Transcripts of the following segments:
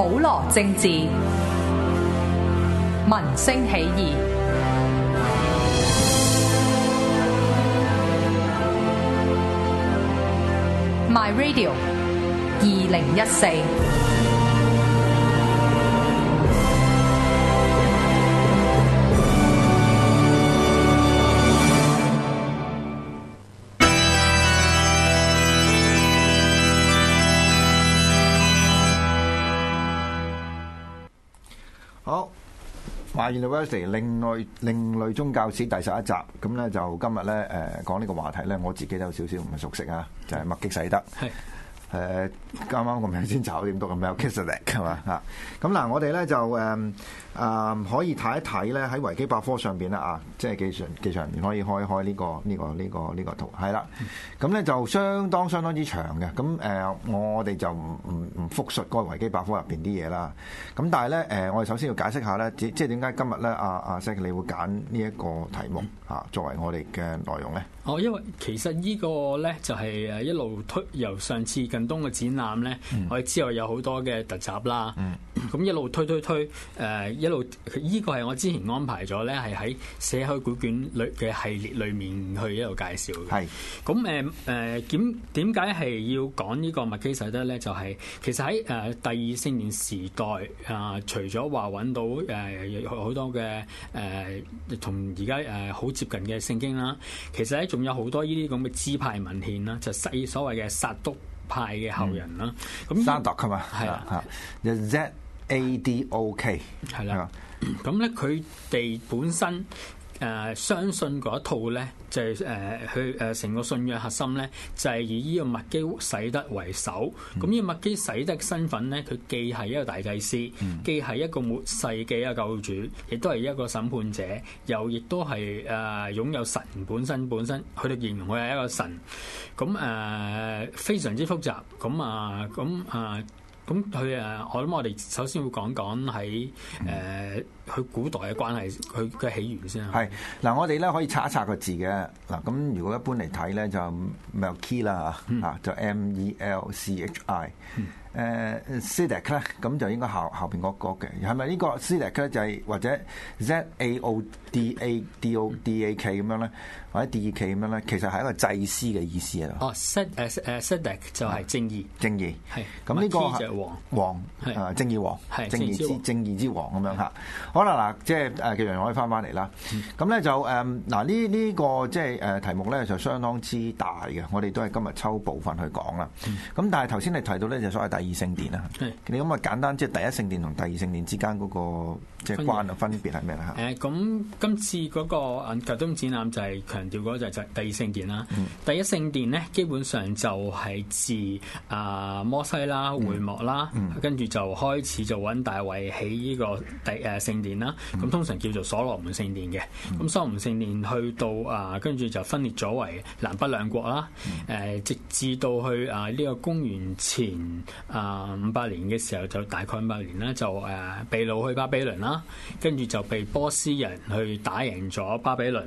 普羅政治，民聲起義。My Radio，二零一四。另外另類宗教史第十一集，咁咧就今日咧誒講呢個話題咧，我自己都有少少唔熟悉啊，就係麥基洗德。係。誒啱啱個名先查，點讀啊？名叫 i s s u l 係嘛？咁嗱，嗯、我哋咧就誒啊、嗯，可以睇一睇咧喺維基百科上邊啦啊，即係技術技術人員可以開開呢、呢個呢、呢個呢個呢個圖係啦。咁咧就相當相當之長嘅。咁誒，我哋就唔唔唔復述個維基百科入邊啲嘢啦。咁但係咧誒，我哋首先要解釋下咧，即係點解今日咧阿阿 Zeke 會揀呢一個題目嚇、啊、作為我哋嘅內容咧？哦，因為其實個呢個咧就係、誒、一路推由上次嘅。東嘅展覽咧，嗯、我哋之後有好多嘅特集啦，咁、嗯、一路推推推，誒一路依、這個係我之前安排咗咧，係喺死海古卷裏嘅系列裏面去一路介紹嘅。係咁誒誒點點解係要講呢個麥基洗德咧？就係、是、其實喺誒第二聖殿時代啊、呃，除咗話揾到誒好、呃、多嘅誒同而家誒好接近嘅聖經啦，其實咧仲有好多呢啲咁嘅支派文獻啦，就係、是、所謂嘅撒督派嘅後人啦，咁、嗯。三度係嘛，係獨啊吓就係 Z A D O K 係啦、啊，咁咧佢哋本身。誒相、啊、信嗰一套咧，就係佢成個信仰核心咧，就係、是、以呢個麥基洗德為首。咁呢個麥基洗德身份咧，佢既係一個大祭司，嗯、既係一個末世嘅一個救主，亦都係一個審判者，又亦都係誒、啊、擁有神本身本身，佢哋形容佢係一個神。咁誒、啊、非常之複雜，咁啊，咁啊。咁佢誒，我諗我哋首先會講講喺誒佢古代嘅關係，佢嘅起源先啊。嗱、嗯，我哋咧可以查一查個字嘅嗱。咁如果一般嚟睇咧，就 m e l k e i 啦嚇、嗯，就 m e l c h i 誒。c e d a c 咧，咁、嗯嗯、就應該後後邊嗰個嘅係咪呢個 c e d a c 咧？就係或者 z a o d a d o d a k 咁樣咧？喺第二期咁樣咧，其實係一個祭司嘅意思啊！哦，set 誒誒 s e t k 就係正義，正義係咁，呢個係王，王係正義王，正義之正義之王咁樣嚇。好啦嗱，即係誒嘅楊可以翻返嚟啦。咁咧就誒嗱呢呢個即係誒題目咧就相當之大嘅。我哋都係今日抽部分去講啦。咁但係頭先你提到咧就所謂第二聖殿啦。你咁啊簡單，即係第一聖殿同第二聖殿之間嗰個即係關嘅分別係咩咧嚇？誒咁今次嗰個誒集中展覽就係強。調就就第二聖殿啦，第一聖殿咧基本上就係自啊摩西啦會幕啦，跟住、嗯、就開始就揾大衛起呢個第誒聖殿啦，咁、嗯、通常叫做所羅門聖殿嘅，咁、嗯、所羅門聖殿去到啊跟住就分裂咗為南北兩國啦，誒、嗯、直至到去啊呢個公元前啊五百年嘅時候就大概五百年啦就誒被擄去巴比倫啦，跟住就被波斯人去打贏咗巴比倫，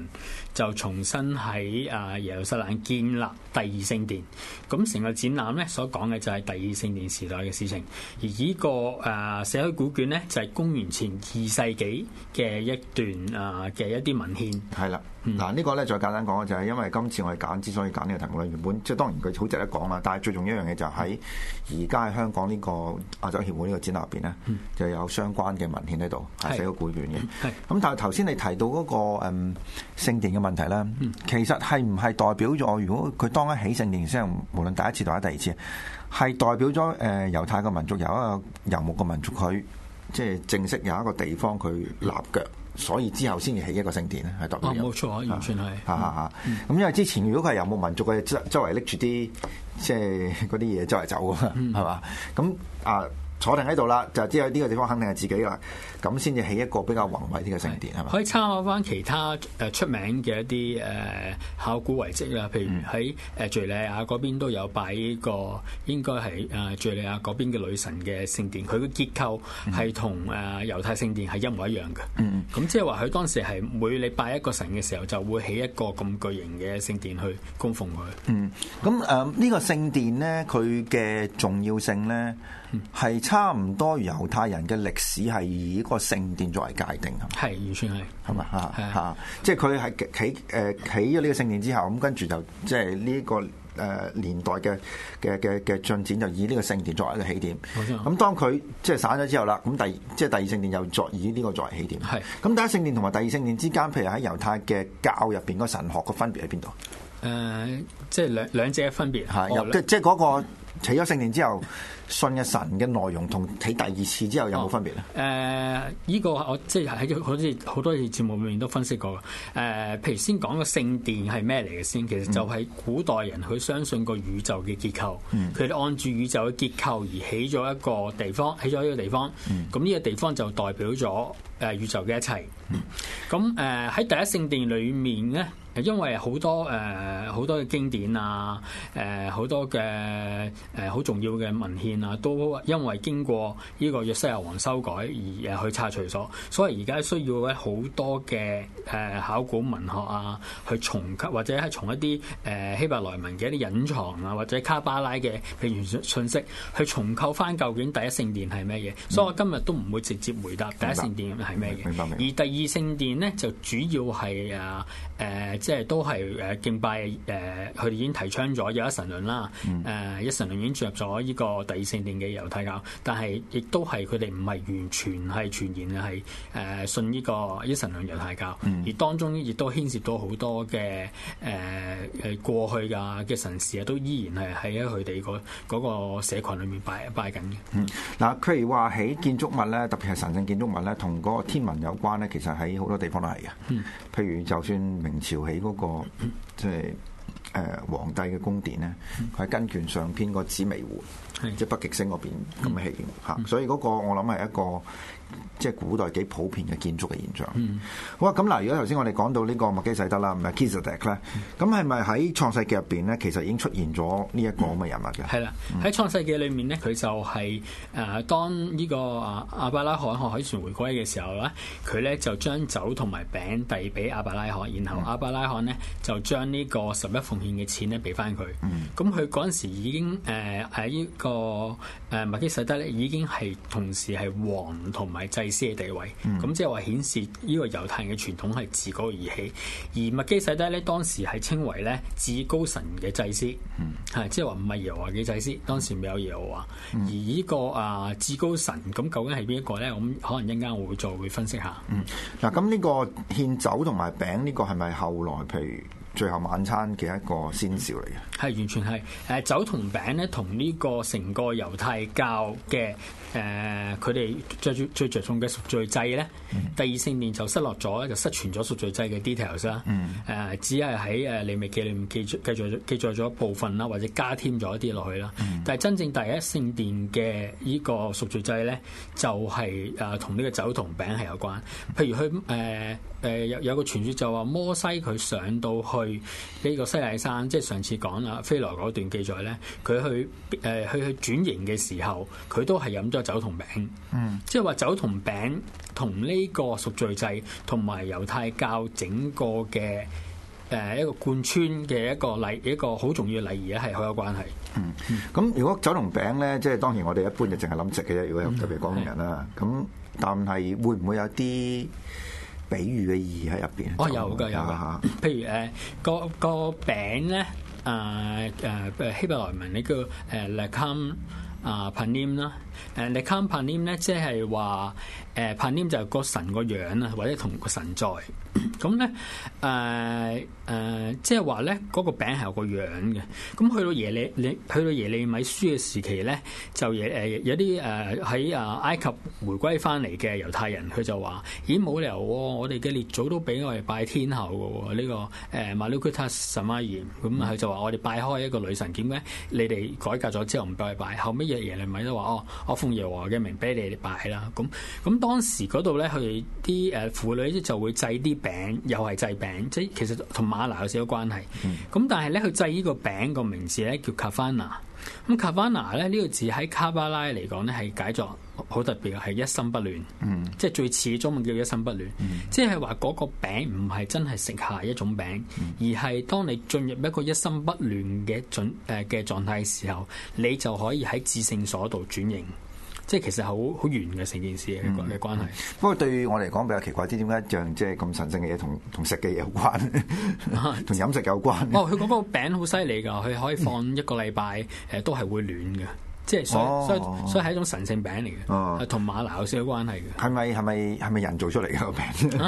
就從新喺啊耶路撒冷建立第二聖殿，咁成個展覽咧所講嘅就係第二聖殿時代嘅事情，而呢個啊死海古卷咧就係公元前二世紀嘅一段啊嘅一啲文獻。係啦的，嗱呢、嗯、個咧再簡單講啊，就係、是、因為今次我哋揀之所以揀呢個題目咧，原本即係當然佢好值得講啦，但係最重要一樣嘢就喺而家喺香港呢個亞洲協會呢個展覽入邊咧，嗯、就有相關嘅文獻喺度啊死海古卷嘅。係咁，是但係頭先你提到嗰、那個嗯聖殿嘅問題咧。其實係唔係代表咗？如果佢當日起聖殿先，無論第一次定或者第二次，係代表咗誒、呃、猶太個民族有一個游牧個民族，佢即係正式有一個地方佢立腳，所以之後先至起一個聖殿咧，係代表。冇、啊、錯，完全係。嚇嚇嚇！咁、嗯、因為之前如果佢係游牧民族佢周周圍拎住啲即係嗰啲嘢周圍走啊嘛，係嘛、嗯？咁啊。坐定喺度啦，就知喺呢個地方肯定係自己啦，咁先至起一個比較宏偉啲嘅聖殿。係咪可以參考返其他出名嘅一啲誒考古遺跡啦，譬如喺誒敍利亞嗰邊都有擺一個應該係誒敍利亞嗰邊嘅女神嘅聖殿，佢嘅結構係同誒猶太聖殿係一模一樣嘅。嗯，咁即係話佢當時係每禮拜一個神嘅時候，就會起一個咁巨型嘅聖殿去供奉佢。嗯，咁誒呢個聖殿咧，佢嘅重要性咧？係差唔多，猶太人嘅歷史係以個聖殿作為界定，係完全係，係嘛嚇嚇，即係佢係起誒、呃、起咗呢個聖殿之後，咁跟住就即係呢個誒、呃、年代嘅嘅嘅嘅進展，就以呢個聖殿作為一個起點。冇錯。咁當佢即係散咗之後啦，咁第即係第二聖殿又作以呢個作為起點。係、啊。咁第一聖殿同埋第二聖殿之間，譬如喺猶太嘅教入邊個神學個分別喺邊度？誒、呃，即係兩兩者分別，是啊哦、即即係嗰睇咗聖殿之後，信嘅神嘅內容同睇第二次之後有冇分別咧？誒、啊，依、呃這個我即係喺好似好多次節目裏面都分析過嘅、呃。譬如先講個聖殿係咩嚟嘅先，其實就係古代人去相信個宇宙嘅結構，佢哋、嗯、按住宇宙嘅結構而起咗一個地方，起咗一個地方。咁呢、嗯、個地方就代表咗誒宇宙嘅一切。咁誒喺第一聖殿裏面咧。因為好多誒好、呃、多嘅經典啊，誒、呃、好多嘅誒好重要嘅文獻啊，都因為經過呢、這個約西亞王修改而誒去拆除咗，所以而家需要咧好多嘅誒、呃、考古文學啊，去重構或者係從一啲誒、呃、希伯來文嘅一啲隱藏啊，或者卡巴拉嘅秘傳訊息去重構翻究竟第一聖殿係咩嘢，嗯、所以我今日都唔會直接回答第一聖殿係咩嘢，明白，而第二聖殿咧就主要係啊誒。呃即係都係誒敬拜誒佢哋已經提倡咗有一神論啦。誒、嗯呃、一神論已經進入咗呢個第二聖殿嘅猶太教，但係亦都係佢哋唔係完全係全然係誒信呢個一神論猶太教，嗯、而當中亦都牽涉到好多嘅誒誒過去噶嘅神事啊，都依然係喺喺佢哋個嗰社群裏面拜拜緊嘅。嗯，嗱譬如話喺建築物咧，特別係神聖建築物咧，同個天文有關咧，其實喺好多地方都係嘅。嗯，譬如就算明朝。喺嗰個即係誒皇帝嘅宮殿咧，佢喺《金權上篇》個紫微湖，即係北極星嗰邊咁嘅氣象吓，所以嗰個我諗係一個。即係古代幾普遍嘅建築嘅現象。嗯、好啊，咁嗱，如果頭先我哋講到呢個麥基洗德啦，唔係 Kiss the deck 咧，咁係咪喺創世記入邊咧，其實已經出現咗呢一個咁嘅人物嘅？係啦，喺創世記裏面咧，佢就係、是、誒、呃、當呢個阿伯拉罕學海，海船回歸嘅時候咧，佢咧就將酒同埋餅遞俾阿伯拉罕，然後阿伯拉罕咧就將呢個十一奉獻嘅錢咧俾翻佢。咁佢嗰陣時候已經誒喺呢個誒、呃、麥基洗德咧，已經係同時係王同埋。係祭司嘅地位，咁即係話顯示呢個猶太人嘅傳統係自高而起，而麥基洗德咧當時係稱為咧至高神嘅祭司，係、嗯、即係話唔係耶和華嘅祭司，當時未有耶和華，嗯、而呢個啊至高神咁，究竟係邊一個咧？咁可能一陣間我會再會分析一下。嗯，嗱咁呢個獻酒同埋餅呢個係咪後來譬如最後晚餐嘅一個先兆嚟嘅？係完全係誒酒同餅咧，同呢個成個猶太教嘅。誒佢哋最最着重嘅贖罪祭咧，mm hmm. 第二聖殿就失落咗，就失傳咗贖罪祭嘅 details 啦。只係喺誒利未記裏面記著記載咗部分啦，或者加添咗一啲落去啦。Mm hmm. 但係真正第一聖殿嘅依個贖罪祭咧，就係同呢個酒同餅係有關。譬如去誒。呃有有個傳說就話摩西佢上到去呢個西奈山，即、就、係、是、上次講啦，菲羅嗰段記載咧，佢去誒去、呃、去轉型嘅時候，佢都係飲咗酒同餅，嗯，即係話酒同餅同呢個贖罪祭，同埋猶太教整個嘅一個貫穿嘅一個禮一個好重要嘅禮儀咧，係好有關係。嗯，咁如果酒同餅咧，即係當然我哋一般就淨係諗食嘅啫，如果有特別講人啦，咁、嗯、但係會唔會有啲？比喻嘅意義喺入邊？哦，有㗎，有㗎嚇。譬、啊、如誒，呃那個、那個餅咧，誒誒誒希伯來文你叫誒、呃、leakam 啊、呃、panim 啦。Panim, 呃誒你 companion 呢，即係話誒 companion 就係個、嗯就是、神個樣啊，或者同個神在。咁咧誒即係話咧嗰個餅係有個樣嘅。咁去到耶利去到耶利米書嘅時期咧，就、呃、有啲誒喺啊埃及回歸翻嚟嘅猶太人，佢就話：咦冇理由喎、哦，我哋嘅列祖都俾我哋拜天后喎呢、哦這個誒馬努克塔神瑪言。咁、嗯、佢、嗯、就話：我哋拜開一個女神點解？你哋改革咗之後唔拜拜。後尾耶利米都話：哦。我奉耶和華嘅名俾你哋擺啦，咁咁當時嗰度咧，佢哋啲誒婦女咧就會製啲餅，又係製餅，即係其實同馬拿有少少關係。咁、嗯、但係咧，佢製呢個餅個名字咧叫卡凡娜。咁卡凡娜咧呢個字喺卡巴拉嚟講咧係解作。好特別嘅係一心不亂，嗯、即係最始終叫一心不亂，嗯、即係話嗰個餅唔係真係食下一種餅，嗯、而係當你進入一個一心不亂嘅準誒嘅狀態時候，你就可以喺至聖所度轉型，嗯、即係其實好好圓嘅成件事嘅關嘅關係。不過、嗯嗯嗯、對我嚟講比較奇怪啲，點解一樣即係咁神聖嘅嘢同同食嘅嘢有關，同 飲食有關？嗯、哦，佢講個餅好犀利㗎，佢可以放一個禮拜誒，嗯、都係會暖嘅。即係、哦、所以，所以是一種神性病嚟嘅，係同、哦、馬牛有少有關係嘅咪係咪咪人做出嚟嘅，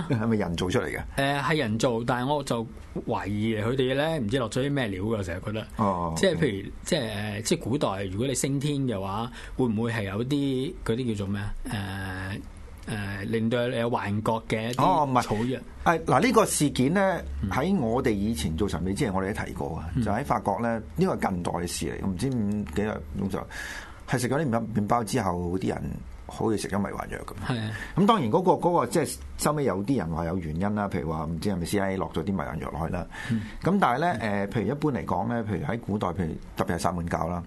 個係咪人做出嚟嘅？係、呃、人造，但係我就懷疑佢哋咧，唔知落咗啲咩料嘅。成日覺得，哦、即係譬如，即即古代如果你升天嘅話，會唔會係有啲嗰啲叫做咩啊？呃誒，令到你有幻覺嘅哦，唔係草藥。誒、啊，嗱、這、呢個事件咧，喺我哋以前做神秘之前，我哋都提過、嗯、就喺法國咧，呢、這個近代嘅事嚟，唔知幾耐咁就係食咗啲麵麵包之後，啲人好似食咗迷幻藥噉。係啊，咁當然嗰、那個嗰、那個即係收尾有啲人話有原因啦，譬如話唔知係咪 CIA 落咗啲迷幻藥落去啦。咁但係咧，誒，譬如一般嚟講咧，譬如喺古代，譬如特別係薩滿教啦，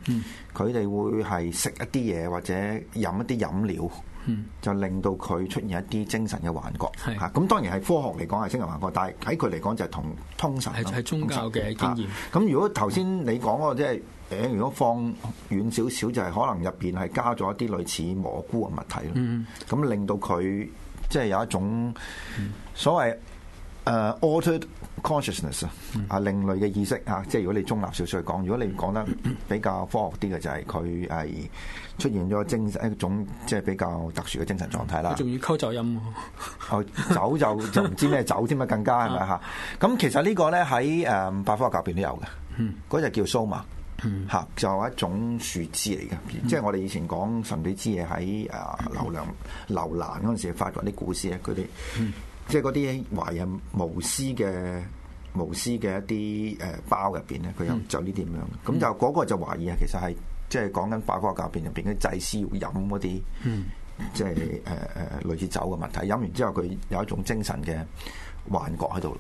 佢哋、嗯、會係食一啲嘢，或者飲一啲飲料。嗯，就令到佢出現一啲精神嘅幻覺，咁係當然係科學嚟講係精神幻覺，但係喺佢嚟講就係同通神，係係宗教嘅經驗。咁如果頭先你講嗰個即係誒，如果放遠少少就係可能入面係加咗一啲類似蘑菇嘅物體咯，咁、嗯、令到佢即係有一種所謂。誒、uh, altered consciousness 啊、嗯，另類嘅意識啊，即係如果你中立少少去講，如果你講得比較科學啲嘅，就係佢係出現咗精神一種，即係比較特殊嘅精神狀態啦。仲要溝走音、哦，走就 就唔知咩走添啊，更加係咪嚇？咁、啊、其實這個呢個咧喺誒百科教邊都有嘅，嗰隻、嗯、叫蘇麻嚇，就一種樹枝嚟嘅，嗯、即係我哋以前講神秘之嘢喺誒留良留蘭嗰陣時候發掘啲古事啊，啲。嗯。即係嗰啲懷疑無私嘅無師嘅一啲誒包入邊咧，佢有這、嗯、那就呢啲咁樣。咁就嗰個就懷疑啊，其實係即係講緊八卦教片入邊啲祭司要飲嗰啲，即係誒誒類似酒嘅問題。飲完之後佢有一種精神嘅幻覺喺度。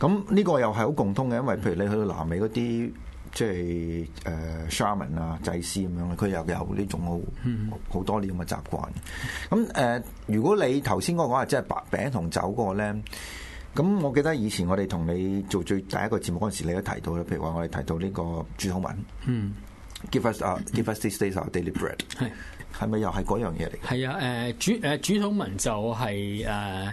咁呢是的 個又係好共通嘅，因為譬如你去到南美嗰啲。即係誒 shaman 啊祭司咁樣咧，佢又有呢種好好、嗯、多呢咁嘅習慣。咁誒、呃，如果你頭先嗰個話即係白餅同酒嗰個咧，咁我記得以前我哋同你做最第一個節目嗰陣時，你都提到啦，譬如話我哋提到呢個主禱文，嗯，give us 啊、uh, give us this day our daily bread，係係咪又係嗰樣嘢嚟？係啊，誒主誒、啊、主禱文就係、是、誒。Uh,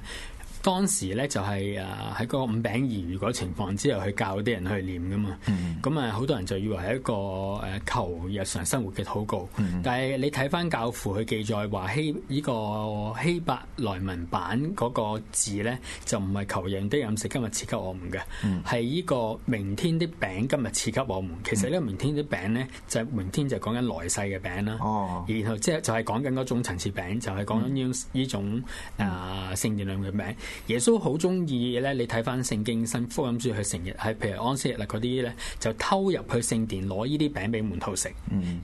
當時咧就係誒喺個五餅二魚嗰情況之後去教啲人去念噶嘛，咁啊好多人就以為係一個誒求日常生活嘅禱告。嗯、但係你睇翻教父佢記載話希依、呢個希伯來文版嗰個字咧，就唔係求人啲飲食今日賜給我們嘅，係呢、嗯、個明天啲餅今日賜給我們。其實咧，明天啲餅咧就係明天就講緊來世嘅餅啦，哦、然後即係就係講緊嗰種陳設餅，就係、是、講緊呢呢種、嗯、啊聖殿量嘅餅。耶穌好中意咧，你睇翻聖經、新福音書，佢成日係譬如安息日嗱嗰啲咧，就偷入去聖殿攞呢啲餅俾門徒食，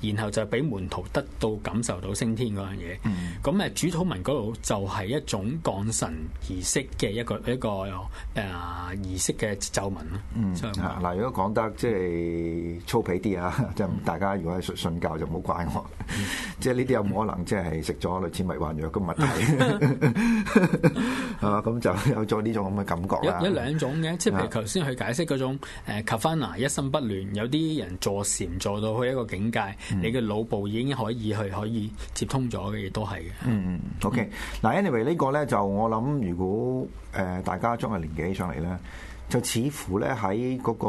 然後就俾門徒得到感受到升天嗰樣嘢。咁誒、嗯、主禱文嗰度就係一種降神儀式嘅一個一個誒、呃、儀式嘅咒文咯。嗱、嗯以啊，如果講得即係粗鄙啲啊，即係、嗯、大家如果係信教就唔好怪我，即係呢啲有冇可能即係食咗類似迷幻藥嘅物體係嘛咁？嗯 就有咗呢種咁嘅感覺啦，一兩種嘅，即係吧譬如頭先去解釋嗰種誒 Kavana 一心不亂，有啲人坐禪坐到去一個境界，嗯、你嘅腦部已經可以去可以接通咗嘅，亦都係嘅。嗯，OK，嗱 anyway 呢個咧就我諗，如果誒大家將佢連接起上嚟咧，就似乎咧喺嗰個、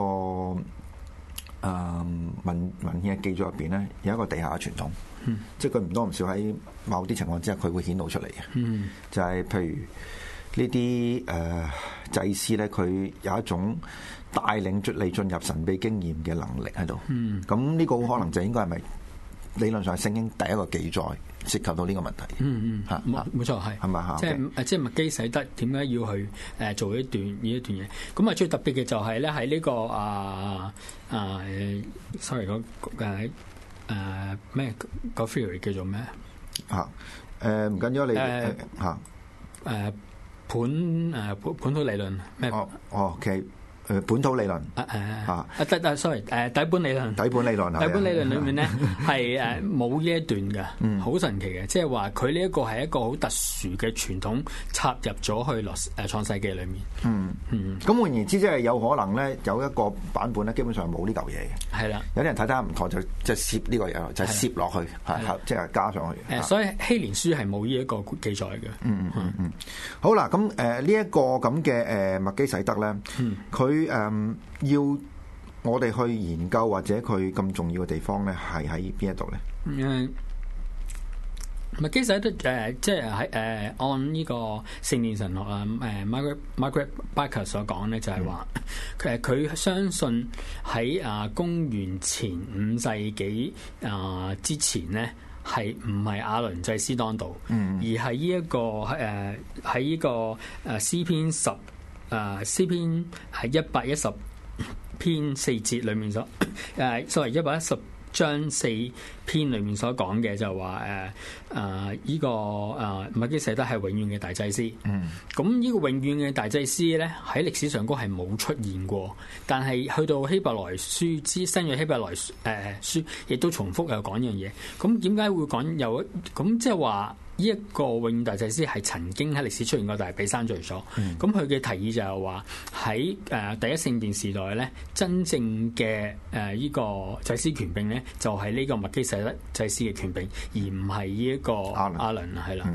呃、文文獻嘅記載入邊咧，有一個地下嘅傳統，嗯、即係佢唔多唔少喺某啲情況之下佢會顯露出嚟嘅，嗯，就係譬如。這些呃、呢啲誒祭司咧，佢有一種帶領你進入神秘經驗嘅能力喺度。嗯。咁呢個好可能就應該係咪理論上聖經第一個記載涉及到呢個問題？嗯嗯。嚇，冇冇錯係。係咪嚇？是吧即係誒，Okay 即係麥基洗德點解要去誒做一段呢一段嘢？咁啊，最特別嘅就係咧、這個，喺呢個啊啊，sorry，嗰誒誒咩個 theory 叫做咩？嚇誒唔緊要你嚇誒。啊啊啊盤誒盤盤土理論咩？Uh, OK. 本土理論啊啊得 sorry 誒底本理論底本理論底本理論裏面咧係誒冇呢一段嘅，好神奇嘅，即係話佢呢一個係一個好特殊嘅傳統插入咗去落誒創世記裏面。嗯，咁換言之，即係有可能咧有一個版本咧基本上冇呢嚿嘢嘅，係啦。有啲人睇睇唔妥，就即係攝呢個嘢，就攝落去，即係加上去。所以希連書係冇呢一個記載嘅。好啦，咁誒呢一個咁嘅誒麥基洗德咧，佢。於要我哋去研究或者佢咁重要嘅地方咧，係喺邊一度咧？唔係，其實都誒、這個，即係喺誒按呢個聖經神學啊，誒 Mar Margaret Barker 所講咧，就係話誒佢相信喺啊公元前五世紀啊之前咧，係唔係亞倫祭司當道，嗯、而係呢一個誒喺呢個誒詩篇十。誒、啊、詩篇係一百一十篇四節裏面所誒，sorry，一百一十章四篇裏面所講嘅就係話誒誒依個誒麥、啊、基洗德，係永遠嘅大祭司。嗯。咁依個永遠嘅大祭司咧，喺歷史上都係冇出現過。但係去到希伯來書之新約希伯來誒、啊、書，亦都重複又講一樣嘢。咁點解會講又咁即係話？那就是說呢一個永大祭司係曾經喺歷史出現過，但係俾刪除咗。咁佢嘅提議就係話喺誒第一聖殿時代咧，真正嘅誒呢個祭司權柄咧，就係呢個麥基洗德祭司嘅權柄，而唔係呢一個阿倫啊，係啦。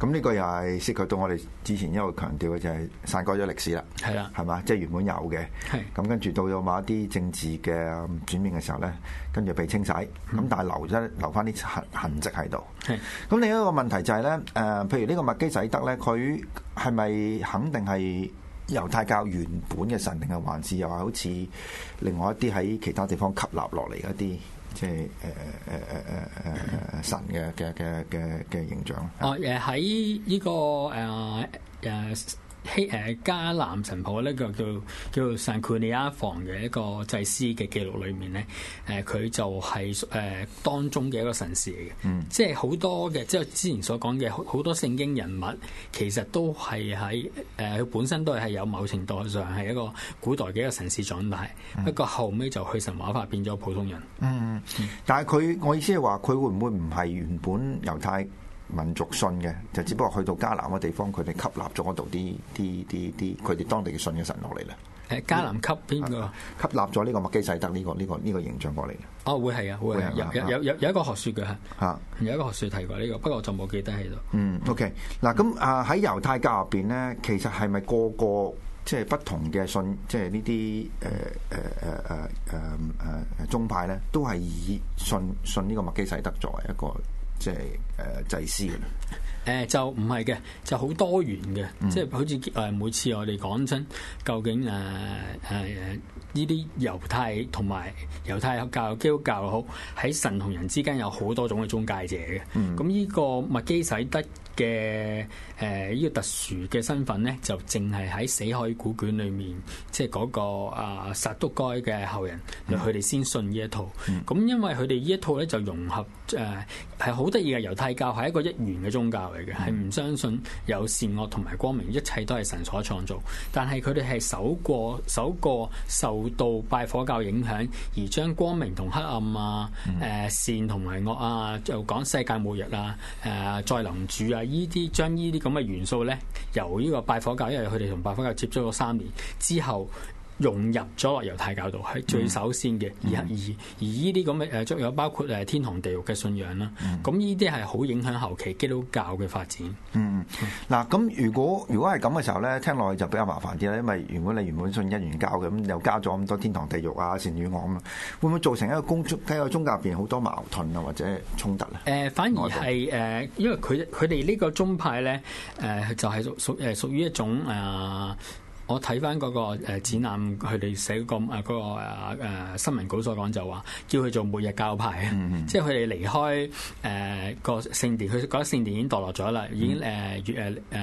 咁呢個又係涉及到我哋之前一路強調嘅就係刪改咗歷史啦，係啦是的，係嘛？即係原本有嘅，係咁是的 跟住到咗某一啲政治嘅轉變嘅時候咧，跟住被清洗，咁但係留咗留翻啲痕痕跡喺度，係。咁另一個問題，就係就係咧，誒，譬如呢個麥基洗德咧，佢係咪肯定係猶太教原本嘅神，定係還是又話好似另外一啲喺其他地方吸納落嚟一啲，即係誒誒誒誒誒神嘅嘅嘅嘅嘅形象？哦，誒喺呢個誒誒。希誒加南神譜呢就叫叫山庫尼亞房嘅一個祭司嘅記錄裏面咧，誒佢就係誒當中嘅一個神士嚟嘅、嗯，即係好多嘅，即係之前所講嘅好多聖經人物，其實都係喺誒佢本身都係有某程度上係一個古代嘅一個神士長大，嗯、不過後尾就去神話化變咗普通人。嗯，但係佢我意思係話佢會唔會唔係原本猶太？民族信嘅，就只不過去到迦南嗰地方，佢哋吸納咗嗰度啲啲啲啲佢哋當地嘅信嘅神落嚟啦。誒，迦南吸邊個？吸納咗呢個麥基洗德呢、呢個呢、呢個呢、呢個形象過嚟嘅。哦，會係啊，會係有有有有一個學説嘅嚇嚇，有一個學説、啊、提過呢、呢個，不過我就冇記得喺度。嗯，OK，嗱咁啊喺猶太教入邊咧，其實係咪個個即係、即係、不同嘅信，即、即、係、係呃呃呃呃、呢啲誒誒誒誒誒誒誒宗派咧，都係以信信呢個麥基洗德作為一個？即係誒祭司嘅、呃，就唔係嘅，就好多元嘅，嗯、即係好似誒每次我哋講真，究竟誒誒呢啲猶太同埋猶太教、基督教好喺神同人之間有好多種嘅中介者嘅，咁呢、嗯、個麥基洗德。嘅誒呢個特殊嘅身份咧，就淨係喺死海古卷裏面，即係嗰個啊撒都該嘅後人，佢哋、mm hmm. 先信呢一套。咁、mm hmm. 因為佢哋呢一套咧就融合誒係好得意嘅猶太教，係一個一元嘅宗教嚟嘅，係唔、mm hmm. 相信有善惡同埋光明，一切都係神所創造。但係佢哋係首個首個受到拜火教影響，而將光明同黑暗啊、誒、呃、善同埋惡啊，就講世界末日啊、誒、呃、再臨主啊。依啲將依啲咁嘅元素咧，由呢個拜火教，因為佢哋同拜火教接觸咗三年之後。融入咗猶太教度，係最首先嘅、嗯，而而而呢啲咁嘅誒，仲有包括誒天堂地獄嘅信仰啦。咁呢啲係好影響後期基督教嘅發展。嗯，嗱，咁如果如果係咁嘅時候咧，聽落去就比較麻煩啲啦。因為原本你原本信一元教嘅，咁又加咗咁多天堂地獄啊、善與惡咁啊，會唔會造成一個公宗喺個宗教入邊好多矛盾啊或者衝突咧、啊？誒、呃，反而係誒部、呃，因為佢佢哋呢個宗派咧，誒、呃、就係、是、屬誒屬於一種誒。呃我睇翻嗰個展覽，佢哋寫、嗰個誒嗰個誒新聞稿所講就話，叫佢做末日教派、嗯、啊，即係佢哋離開誒個聖殿，佢覺得聖殿已經墮落咗啦，嗯、已經誒遠誒誒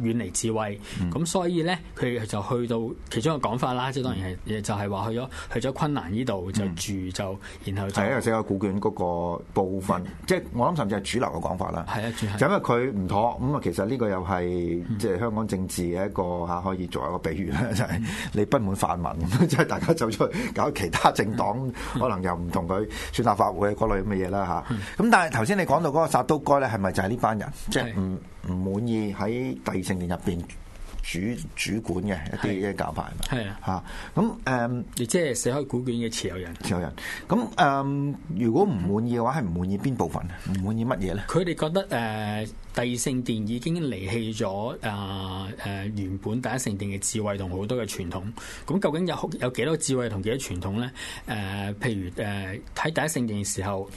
遠離智慧，咁、嗯、所以咧佢就去到其中一個講法啦，嗯、即係當然係就係話去咗去咗昆蘭呢度就住就，嗯、然後就係啊，寫個古卷嗰個部分，的即係我諗甚至係主流嘅講法啦，係啊，就因為佢唔妥，咁啊其實呢個又係即係香港政治嘅一個吓可以做一個比如啦，就係你不滿泛民，即係、嗯、 大家走出去搞其他政黨，嗯、可能又唔同佢選立法會嗰類咁嘅嘢啦吓，咁、嗯嗯、但係頭先你講到嗰個撒都該咧，係咪就係呢班人？即係唔唔滿意喺第二程年入邊。主主管嘅的一啲一教派嘛，係啊的，嚇咁誒，亦即係死海古卷嘅持有人，持有人咁誒、嗯，如果唔滿意嘅話，係唔滿意邊部分啊？唔滿意乜嘢咧？佢哋覺得誒、呃、第二聖殿已經離棄咗誒誒原本第一聖殿嘅智慧同好多嘅傳統，咁究竟有好有幾多智慧同幾多傳統咧？誒、呃、譬如誒睇、呃、第一聖殿嘅時候，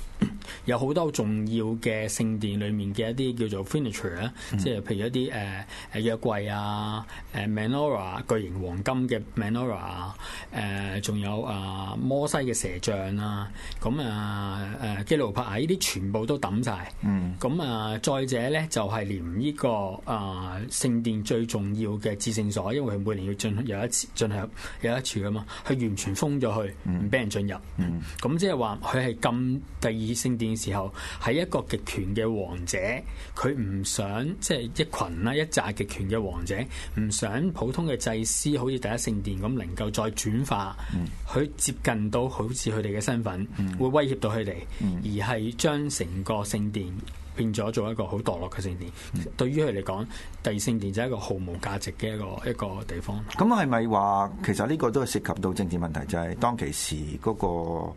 有好多重要嘅聖殿裏面嘅一啲叫做 furniture 啊、嗯，即係譬如一啲誒誒約櫃啊。誒 Menora 巨型黃金嘅 Menora 誒、呃，仲有啊摩西嘅蛇像啊，咁啊，誒，基路伯啊，呢啲全部都抌晒，咁、mm. 就是這個、啊，再者咧就係連呢個啊聖殿最重要嘅至聖所，因為每年要進有一次，進行，有一次噶嘛，佢完全封咗去，唔俾人進入，咁即係話佢係禁第二聖殿嘅時候，係一個極權嘅王者，佢唔想即係一群啦，一紮極權嘅王者。唔想普通嘅祭司好似第一聖殿咁，能夠再轉化去接近到好似佢哋嘅身份，會威脅到佢哋，而係將成個聖殿變咗做一個好墮落嘅聖殿。對於佢嚟講，第二聖殿就係一個毫無價值嘅一個一個地方。咁係咪話其實呢個都係涉及到政治問題，就係、是、當其時嗰個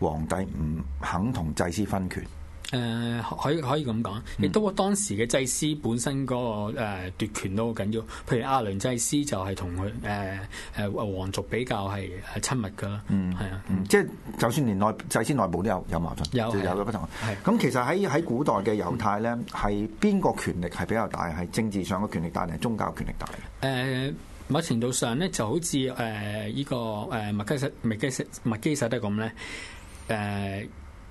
皇帝唔肯同祭司分權。誒、呃、可以可以咁講，亦都當時嘅祭司本身嗰個誒奪權都好緊要。譬如阿倫祭司就係同佢誒王族比較係親密噶啦。嗯，啊是，嗯、即係就算連內祭司內部都有有矛盾，有有嘅不同。咁是，是其實喺喺古代嘅猶太咧，係邊個權力係比較大？係政治上嘅權力大定係宗教權力大？誒、呃、某程度上咧，就好似誒呢個誒麥、呃、基什麥基洗德咁咧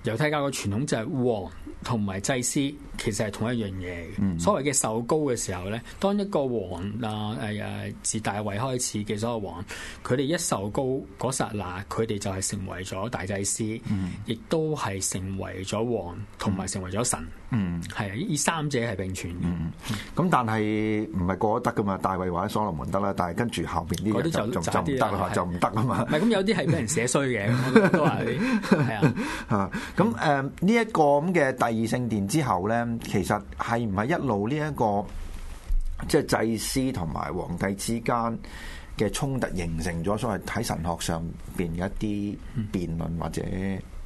猶太教嘅傳統就係王同埋祭司。其實係同一樣嘢嘅，所謂嘅受膏嘅時候咧，當一個王啊，誒誒自大衛開始嘅所有王，佢哋一受膏嗰剎那，佢哋就係成為咗大祭司，亦都係成為咗王，同埋成為咗神，係啊，呢三者係並存嘅。咁但係唔係過得噶嘛？大衛或者所羅門得啦，但係跟住後邊啲嘢，就唔得啦，就唔得啊嘛。唔係咁，有啲係俾人寫衰嘅，都係，係啊吓，咁誒呢一個咁嘅第二聖殿之後咧。其實係唔係一路呢一個即係、就是、祭司同埋皇帝之間嘅衝突形成咗，所謂喺神學上邊嘅一啲辯論或者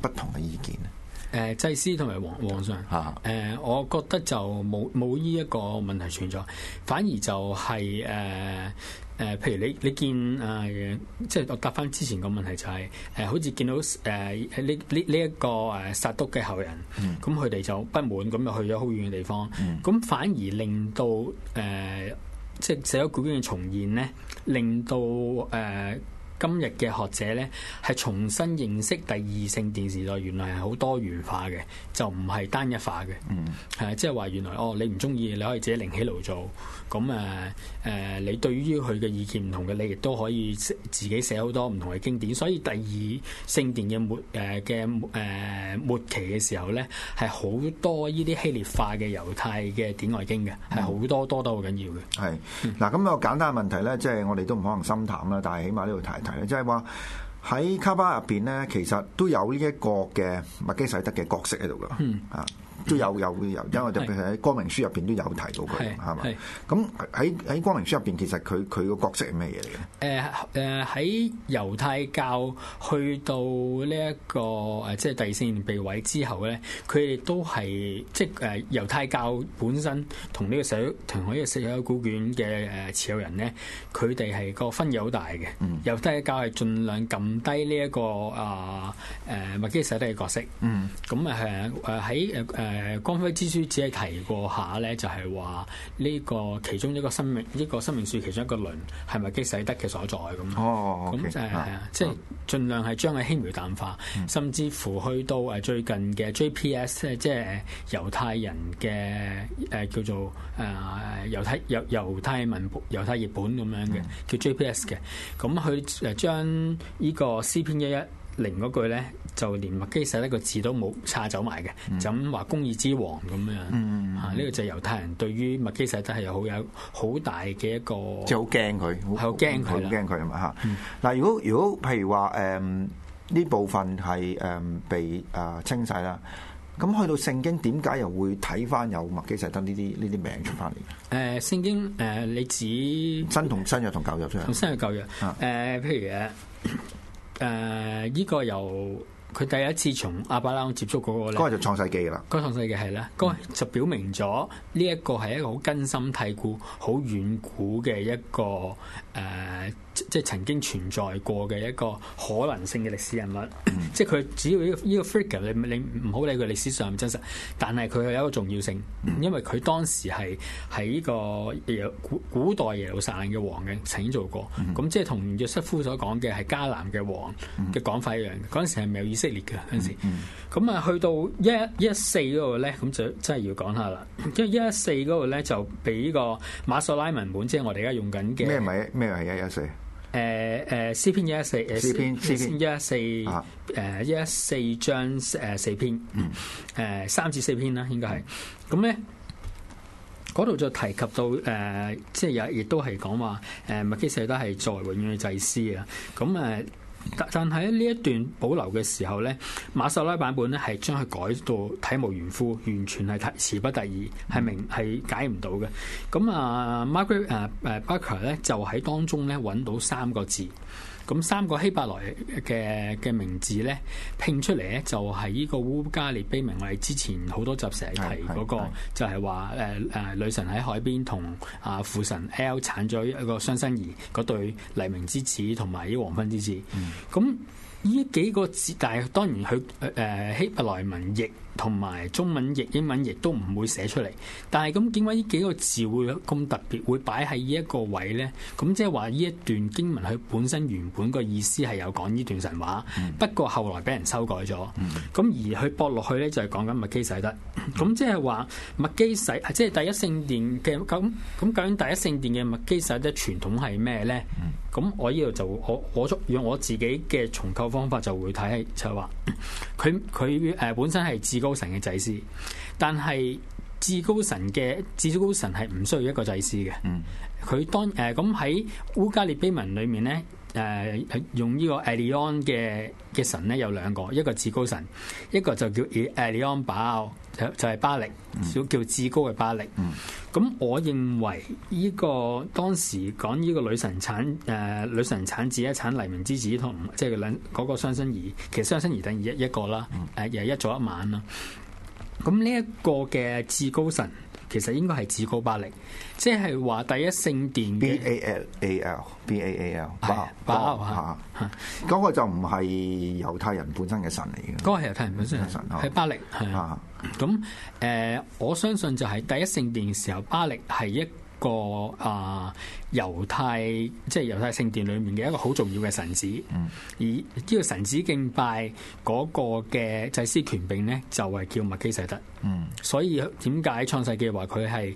不同嘅意見。誒、嗯，祭司同埋皇皇上吓，誒、啊呃，我覺得就冇冇呢一個問題存在，反而就係、是、誒。呃誒、呃，譬如你你見啊、呃，即係我答翻之前個問題就係、是，誒、呃、好似見到誒呢呢呢一個誒、呃、撒督嘅後人，咁佢哋就不滿，咁就去咗好遠嘅地方，咁、mm. 反而令到誒、呃，即係死海古卷嘅重現咧，令到誒。呃今日嘅學者咧，係重新認識第二聖殿時代，原來係好多元化嘅，就唔係單一化嘅。嗯，係即係話原來哦，你唔中意你可以自己另起爐做。咁誒誒，你對於佢嘅意見唔同嘅，你亦都可以自己寫好多唔同嘅經典。所以第二聖殿影末誒嘅誒末期嘅時候咧，係好多呢啲希臘化嘅猶太嘅典外經嘅，係好、嗯、多多得好緊要嘅。係，嗱、那、咁個簡單嘅問題咧，即、就、係、是、我哋都唔可能深談啦，但係起碼呢度提一提即係話，喺卡巴入邊咧，其實都有呢一個嘅麥基洗德嘅角色喺度啦，嗯啊！都有有有，因為是特別係喺光明書入邊都有提到佢，係嘛是？咁喺喺光明書入邊，其實佢佢個角色係咩嘢嚟嘅？誒誒、呃，喺、呃、猶太教去到、這個就是、呢一個誒，即係第二聖殿被毀之後咧，佢哋都係即係誒猶太教本身同呢、這個、個石同呢個死海古卷嘅誒持有人咧，佢哋係個分野好大嘅。嗯，猶太教係盡量撳低呢、這、一個啊誒麥、啊、基洗德嘅角色。嗯，咁啊係誒喺誒誒。誒光輝之書只係提過一下咧，就係話呢個其中一個生命一、呢個生命樹其中一個輪係麥基洗德嘅所在咁。哦、oh, okay. 嗯，咁誒係啊，即係盡量係將佢輕描淡化，嗯、甚至乎去到誒最近嘅 J P S 咧，即係猶太人嘅誒、啊、叫做誒、啊、猶太猶猶太文猶太日本咁樣嘅、嗯、叫 J P、嗯、S 嘅、啊，咁佢誒將呢個詩篇一一 P 零嗰句咧，就連麥基洗德呢個字都冇擦走埋嘅，就咁話公義之王咁樣。嗯嗯，呢、啊呢個就係猶太人對於麥基洗德係有好有好大嘅一個，即係好驚佢，好驚佢，好驚佢啊嘛嚇。嗱的，的如果如果譬如話誒呢部分係誒被啊清晒啦，咁去到聖經點解又會睇翻有麥基洗德呢啲呢啲名字出翻嚟？誒、呃、聖經誒、呃、你指新同新約同舊約出嚟，新約舊約誒譬如嘅。 誒，依、呃這個由佢第一次從亞伯拉罕接觸嗰個咧，嗰個就創世記啦。嗰創世記係咧，嗰、那個、就表明咗呢一個係一個好根深蒂固、好遠古嘅一個誒。呃即係曾經存在過嘅一個可能性嘅歷史人物， 即係佢只要呢、這個依個 figure，你你唔好理佢歷史上真實，但係佢係有一個重要性， 因為佢當時係喺個古古代耶路撒冷嘅王嘅曾經做過，咁 即係同約瑟夫所講嘅係迦南嘅王嘅講法一樣。嗰陣時係未有以色列嘅嗰陣時，咁啊 去到一一四嗰度咧，咁就真係要講下啦。因為一一四嗰度咧就俾呢個馬索拉文本，即、就、係、是、我哋而家用緊嘅咩？咪咩係一一四？誒誒、uh, 四篇一四誒四篇一四誒一四章誒四篇誒三至四篇啦、嗯 uh, 啊、應該係咁咧，嗰度就提及到誒，uh, 即係亦亦都係講話誒麥基洗德係在永遠嘅祭司啊，咁誒。Uh, 但係喺呢一段保留嘅時候咧，馬秀拉版本咧係將佢改到體無完膚，完全係詞不達意，係明係解唔到嘅。咁啊，Margaret 誒、uh, 誒 Barker 咧就喺當中咧揾到三個字。咁三個希伯來嘅嘅名字咧拼出嚟咧就係呢個烏加列碑銘。我哋之前好多集成日提嗰個就係話誒誒，女神喺海邊同啊父神 El 產咗一個雙生兒，嗰對黎明之子同埋呢黃昏之子，咁。呢幾個字，但係當然佢誒、呃、希伯來文譯同埋中文譯、英文譯都唔會寫出嚟。但係咁點解呢幾個字會咁特別，會擺喺呢一個位咧？咁即係話呢一段經文佢本身原本個意思係有講呢段神話，嗯、不過後來俾人修改咗。咁、嗯、而佢駁落去咧就係講緊麥基洗德。咁即係話麥基洗，即、就、係、是、第一聖殿嘅。咁咁究竟第一聖殿嘅麥基洗德傳統係咩咧？咁我呢度就我我用我自己嘅重構。方法就會睇，就係話佢佢誒本身係至高神嘅祭司，但係至高神嘅至高神係唔需要一個祭司嘅。嗯，佢當誒咁喺烏加列碑文裏面咧。誒、呃，用這個、e、的的呢個埃利昂嘅嘅神咧有兩個，一個至高神，一個就叫以、e、埃利昂堡就就係巴力，叫叫至高嘅巴力。咁、嗯、我認為呢、這個當時講呢個女神產誒、呃、女神產子，產黎明之子同即係兩個雙生兒，其實雙生兒等於一個一個啦，誒又係一早一晚啦。咁呢一個嘅至高神。其實應該係至高巴力，即係話第一聖殿。B A L A L B A A L，巴嗰個就唔係猶太人本身嘅神嚟嘅。嗰個猶太人本身嘅神喺巴力係咁，誒，我相信就係第一聖殿時候，巴力係一個啊猶太即係猶太聖殿裏面嘅一個好重要嘅神子，嗯，而呢個神子敬拜嗰個嘅祭司權柄咧，就係、是、叫麥基洗德，嗯，所以點解創世記話佢係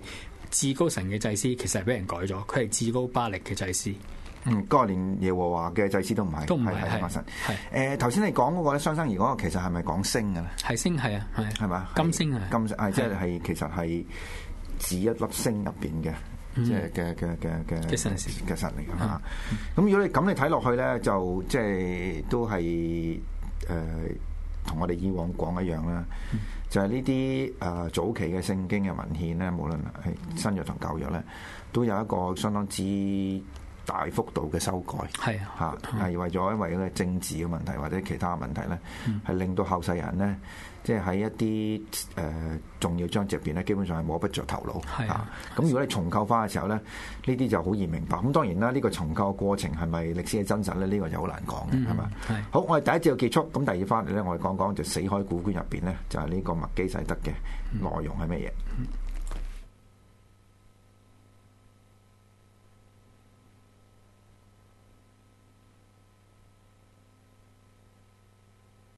至高神嘅祭，祭司，其實係俾人改咗，佢係至高巴力嘅祭司，嗯，嗰、嗯、個連耶和華嘅祭司都唔係，都唔係神，係誒，頭先你講嗰個咧雙生兒嗰個，其實係咪講星噶咧？係星係啊，係係咪金星啊，金星係即係其實係指一粒星入邊嘅。即係嘅嘅嘅嘅嘅神嚟嘅嚇，咁、嗯、如果你咁你睇落去咧，就即係、就係、都係誒同我哋以往講一樣啦，嗯、就係呢啲誒早期嘅聖經嘅文獻咧，無論係新約同舊約咧，都有一個相當之大幅度嘅修改，係嚇，係為咗因為一個政治嘅問題或者其他嘅問題咧，係、嗯、令到後世人咧。即係喺一啲誒重要章節入邊咧，基本上係摸不著頭腦啊！咁、啊、如果你重構翻嘅時候咧，呢啲就好易明白。咁當然啦，呢、這個重構嘅過程係咪歷史嘅真實咧？呢、這個就好難講嘅，係嘛？好，我哋第一節就結束。咁第二節返嚟咧，我哋講講就死海古卷入邊咧，就係、是、呢個麥基洗德嘅內容係乜嘢？嗯嗯